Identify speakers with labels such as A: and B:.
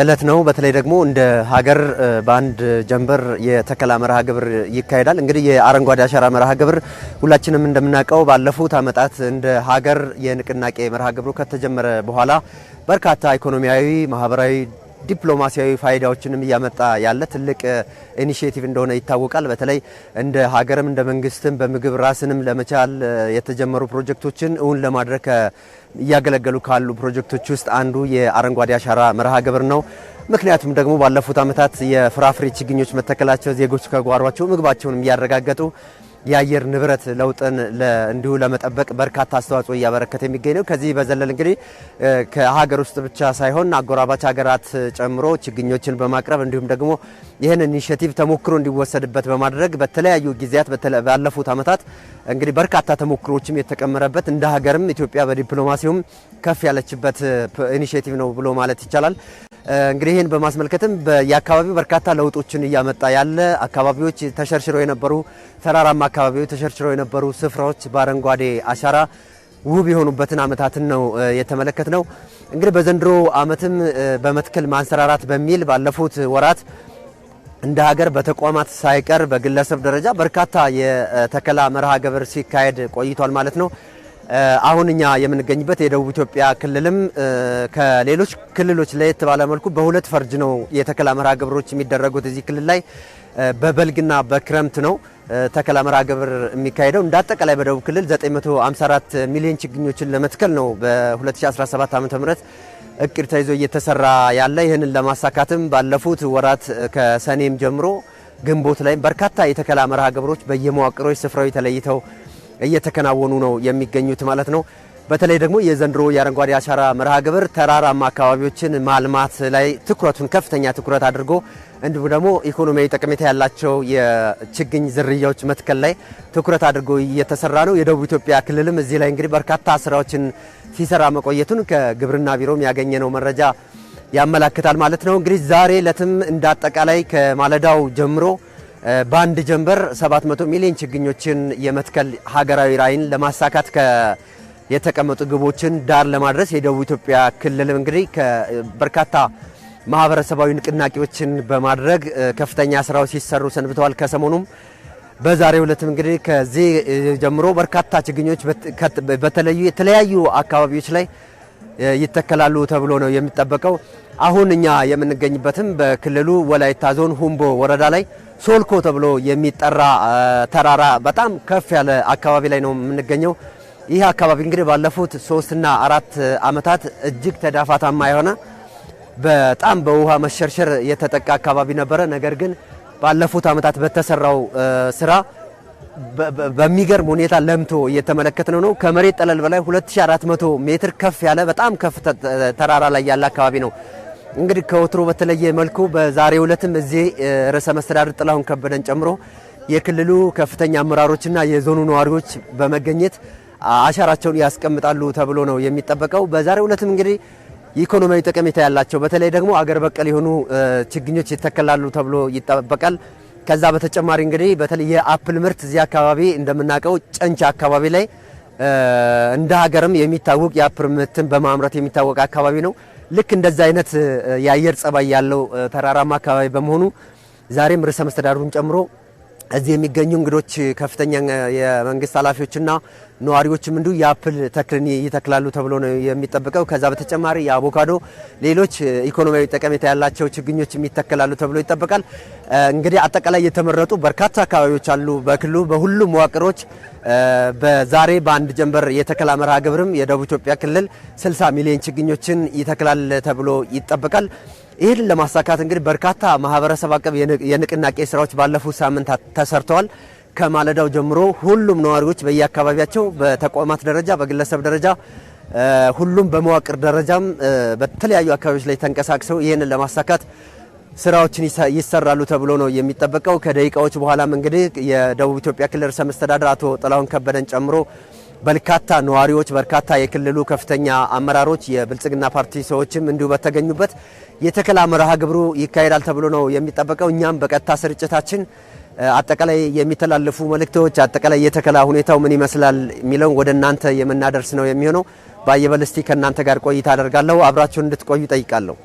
A: እለት ነው። በተለይ ደግሞ እንደ ሀገር በአንድ ጀንበር የተከላ መርሃ ግብር ይካሄዳል። እንግዲህ የአረንጓዴ አሻራ መርሃ ግብር ሁላችንም እንደምናውቀው ባለፉት ዓመታት እንደ ሀገር የንቅናቄ መርሃ ግብሩ ከተጀመረ በኋላ በርካታ ኢኮኖሚያዊ፣ ማህበራዊ ዲፕሎማሲያዊ ፋይዳዎችንም እያመጣ ያለ ትልቅ ኢኒሽቲቭ እንደሆነ ይታወቃል። በተለይ እንደ ሀገርም እንደ መንግስትም በምግብ ራስንም ለመቻል የተጀመሩ ፕሮጀክቶችን እውን ለማድረግ እያገለገሉ ካሉ ፕሮጀክቶች ውስጥ አንዱ የአረንጓዴ አሻራ መርሃ ግብር ነው። ምክንያቱም ደግሞ ባለፉት ዓመታት የፍራፍሬ ችግኞች መተከላቸው ዜጎች ከጓሯቸው ምግባቸውን እያረጋገጡ የአየር ንብረት ለውጥን እንዲሁ ለመጠበቅ በርካታ አስተዋጽኦ እያበረከተ የሚገኝ ነው። ከዚህ በዘለል እንግዲህ ከሀገር ውስጥ ብቻ ሳይሆን አጎራባች ሀገራት ጨምሮ ችግኞችን በማቅረብ እንዲሁም ደግሞ ይህን ኢኒሽቲቭ ተሞክሮ እንዲወሰድበት በማድረግ በተለያዩ ጊዜያት ባለፉት ዓመታት እንግዲህ በርካታ ተሞክሮዎችም የተቀመረበት እንደ ሀገርም ኢትዮጵያ በዲፕሎማሲውም ከፍ ያለችበት ኢኒሽቲቭ ነው ብሎ ማለት ይቻላል። እንግዲህ ይህን በማስመልከትም የአካባቢው በርካታ ለውጦችን እያመጣ ያለ አካባቢዎች ተሸርሽረው የነበሩ ተራራማ አካባቢዎች ተሸርሽረው የነበሩ ስፍራዎች በአረንጓዴ አሻራ ውብ የሆኑበትን ዓመታትን ነው የተመለከት ነው። እንግዲህ በዘንድሮ ዓመትም በመትከል ማንሰራራት በሚል ባለፉት ወራት እንደ ሀገር በተቋማት ሳይቀር በግለሰብ ደረጃ በርካታ የተከላ መርሃ ግብር ሲካሄድ ቆይቷል ማለት ነው። አሁን እኛ የምንገኝበት የደቡብ ኢትዮጵያ ክልልም ከሌሎች ክልሎች ለየት ባለመልኩ በሁለት ፈርጅ ነው የተከላ መርሃ ግብሮች የሚደረጉት። እዚህ ክልል ላይ በበልግና በክረምት ነው ተከላ መርሃ ግብር የሚካሄደው። እንደ አጠቃላይ በደቡብ ክልል 954 ሚሊዮን ችግኞችን ለመትከል ነው በ2017 ዓ ም እቅድ ተይዞ እየተሰራ ያለ። ይህንን ለማሳካትም ባለፉት ወራት ከሰኔም ጀምሮ ግንቦት ላይም በርካታ የተከላ መርሃ ግብሮች በየመዋቅሮች ስፍራዊ ተለይተው እየተከናወኑ ነው የሚገኙት ማለት ነው። በተለይ ደግሞ የዘንድሮ የአረንጓዴ አሻራ መርሃ ግብር ተራራማ አካባቢዎችን ማልማት ላይ ትኩረቱን ከፍተኛ ትኩረት አድርጎ እንዲሁም ደግሞ ኢኮኖሚያዊ ጠቀሜታ ያላቸው የችግኝ ዝርያዎች መትከል ላይ ትኩረት አድርጎ እየተሰራ ነው። የደቡብ ኢትዮጵያ ክልልም እዚህ ላይ እንግዲህ በርካታ ስራዎችን ሲሰራ መቆየቱን ከግብርና ቢሮም ያገኘነው መረጃ ያመላክታል ማለት ነው። እንግዲህ ዛሬ ለትም እንዳጠቃላይ ከማለዳው ጀምሮ በአንድ ጀንበር 700 ሚሊዮን ችግኞችን የመትከል ሀገራዊ ራዕይን ለማሳካት የተቀመጡ ግቦችን ዳር ለማድረስ የደቡብ ኢትዮጵያ ክልል እንግዲህ በርካታ ማህበረሰባዊ ንቅናቄዎችን በማድረግ ከፍተኛ ስራዎች ሲሰሩ ሰንብተዋል። ከሰሞኑም በዛሬው ዕለትም እንግዲህ ከዚህ ጀምሮ በርካታ ችግኞች በተለዩ የተለያዩ አካባቢዎች ላይ ይተከላሉ ተብሎ ነው የሚጠበቀው። አሁን እኛ የምንገኝበትም በክልሉ ወላይታ ዞን ሁምቦ ወረዳ ላይ ሶልኮ ተብሎ የሚጠራ ተራራ በጣም ከፍ ያለ አካባቢ ላይ ነው የምንገኘው። ይህ አካባቢ እንግዲህ ባለፉት ሶስትና አራት ዓመታት እጅግ ተዳፋታማ የሆነ በጣም በውሃ መሸርሸር የተጠቃ አካባቢ ነበረ። ነገር ግን ባለፉት ዓመታት በተሰራው ስራ በሚገርም ሁኔታ ለምቶ እየተመለከት ነው። ከመሬት ጠለል በላይ 2400 ሜትር ከፍ ያለ በጣም ከፍ ተራራ ላይ ያለ አካባቢ ነው። እንግዲህ ከወትሮ በተለየ መልኩ በዛሬው ዕለትም እዚህ ርዕሰ መስተዳድር ጥላሁን ከበደን ጨምሮ የክልሉ ከፍተኛ አመራሮችና የዞኑ ነዋሪዎች በመገኘት አሻራቸውን ያስቀምጣሉ ተብሎ ነው የሚጠበቀው። በዛሬው ዕለትም እንግዲህ ኢኮኖሚያዊ ጠቀሜታ ያላቸው በተለይ ደግሞ አገር በቀል የሆኑ ችግኞች ይተከላሉ ተብሎ ይጠበቃል። ከዛ በተጨማሪ እንግዲህ በተለይ የአፕል ምርት እዚህ አካባቢ እንደምናውቀው ጨንቻ አካባቢ ላይ እንደ ሀገርም የሚታወቅ የአፕል ምርትን በማምረት የሚታወቅ አካባቢ ነው። ልክ እንደዛ አይነት የአየር ጸባይ ያለው ተራራማ አካባቢ በመሆኑ ዛሬም ርዕሰ መስተዳድሩን ጨምሮ እዚህ የሚገኙ እንግዶች ከፍተኛ የመንግስት ኃላፊዎችና ነዋሪዎችም እንዲሁ የአፕል ተክልን ይተክላሉ ተብሎ ነው የሚጠበቀው። ከዛ በተጨማሪ የአቮካዶ፣ ሌሎች ኢኮኖሚያዊ ጠቀሜታ ያላቸው ችግኞች ይተክላሉ ተብሎ ይጠበቃል። እንግዲህ አጠቃላይ የተመረጡ በርካታ አካባቢዎች አሉ በክልሉ በሁሉም መዋቅሮች። በዛሬ በአንድ ጀንበር የተከላ መርሃ ግብርም የደቡብ ኢትዮጵያ ክልል 60 ሚሊዮን ችግኞችን ይተክላል ተብሎ ይጠበቃል። ይህን ለማሳካት እንግዲህ በርካታ ማህበረሰብ አቀፍ የንቅናቄ ስራዎች ባለፉት ሳምንታት ተሰርተዋል። ከማለዳው ጀምሮ ሁሉም ነዋሪዎች በየአካባቢያቸው በተቋማት ደረጃ፣ በግለሰብ ደረጃ፣ ሁሉም በመዋቅር ደረጃም በተለያዩ አካባቢዎች ላይ ተንቀሳቅሰው ይህንን ለማሳካት ስራዎችን ይሰራሉ ተብሎ ነው የሚጠበቀው። ከደቂቃዎች በኋላም እንግዲህ የደቡብ ኢትዮጵያ ክልል ርዕሰ መስተዳድር አቶ ጥላሁን ከበደን ጨምሮ በርካታ ነዋሪዎች፣ በርካታ የክልሉ ከፍተኛ አመራሮች፣ የብልጽግና ፓርቲ ሰዎችም እንዲሁ በተገኙበት የተከላ መርሃ ግብሩ ይካሄዳል ተብሎ ነው የሚጠበቀው። እኛም በቀጥታ ስርጭታችን አጠቃላይ የሚተላለፉ መልእክቶች፣ አጠቃላይ የተከላ ሁኔታው ምን ይመስላል የሚለውን ወደ እናንተ የምናደርስ ነው የሚሆነው። ባየበልስቲ ከእናንተ ጋር ቆይታ አደርጋለሁ። አብራችሁን እንድትቆዩ ጠይቃለሁ።